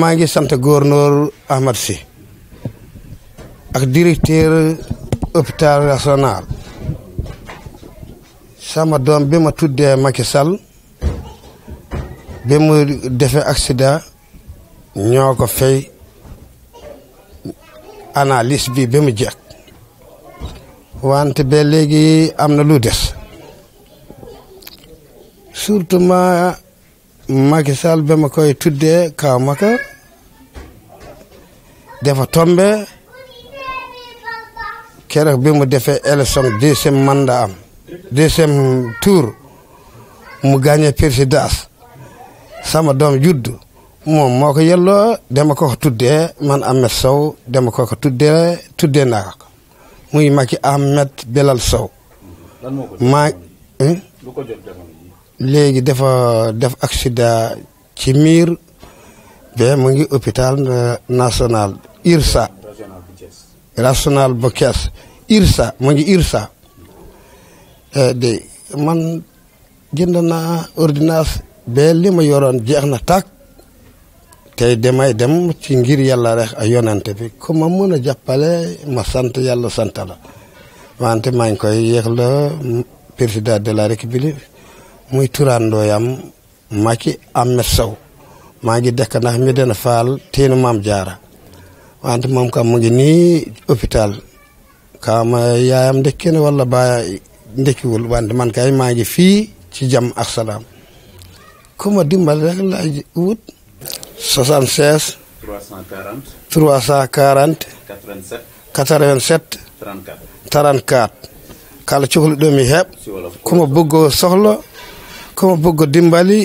maa ngi sant gouverneur Ahmed Sy ak directeur hôpital national sama doom bi ma tuddee Macky Sall bi mu defee accident ñoo ko fay analyse bi mu jeex wante ba léegi am na lu des surtout ma Macky Sall ma koy tuddee kaw ma defa tombe keroog bi mu defee élection deuxième mandat am deuxième tour mu gagné présidence sama doom juddu moom moo ko yelloo dama ko ko tuddee man Ahmed Sow dama ko ko tuddee tuddee naa ko muy Macky Ahmed Belal Sow maa léegi dafa def accident ci miir ba mu ngi hôpital euh, national IRSA régional bu Cees IRSA mu ngi IRSA eh, man jënd naa ordonnance ba li yoroon jeex na tàkk tey demay dem ci ngir yàlla rek a yonante bi ku ma mën jàppale ma sant yàlla santala la wante maa ngi koy yéex la mm, président de la muy turandooyam Macky Ahmed Sow maa ngi dëkk ndax mi faal teenu mam jaara wante moom kam mu ngi nii hôpital kam yaayam ndekki na wala baa ndekkiwul wante man kay maa ngi fii ci jàmm ak salaam ku ma dimbal rek laa wut. 76. 340. 340. 87. 87. 34. 34. kala cohli ɗomi heeɓ komo boggo sohla komo boggo dimbali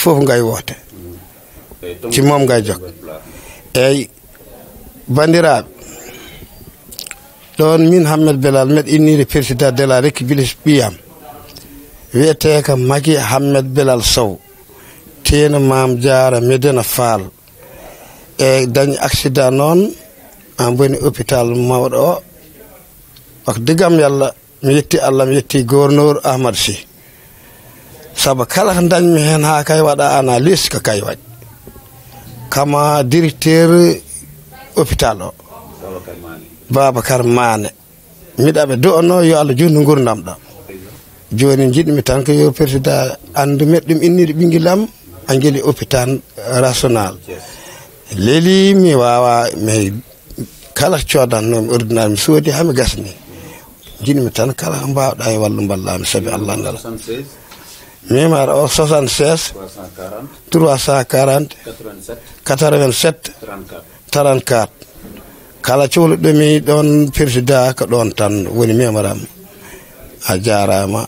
fof ngay woote mm. ci moom ngay jog eyi bandiraaɓe ɗon min hammed belal med innide président de la république ɓiyam wiyete ko maki hammed belal sow teeno mam jara medena faal e dañi accident noon an boni hôpital mawɗo o wako digam yallah mi yetti allah mi yetti gouverneur ahmad sy saabu kala ko dañmi hen ha kay waɗa analyse ko kay waɗi kama directeur hôpital o baba babacar mane miɗaɓe do'ano yo allah jundu gurdam ɗam joni jiɗmi tan ko yo pertida andu meɗɗum innide ɓinguel am a gueeli hôpital rational leli mi wawa mi kala codannomi ordinaire mi soodi hami gasni jiɗmi tan kala ko mbawɗa e wallu ballami saabi allah ngal numéro o 76 340 87 87 34 34 kala cohluɗo ɗomi ɗon firtida ko ɗon tan woni memoram a jarama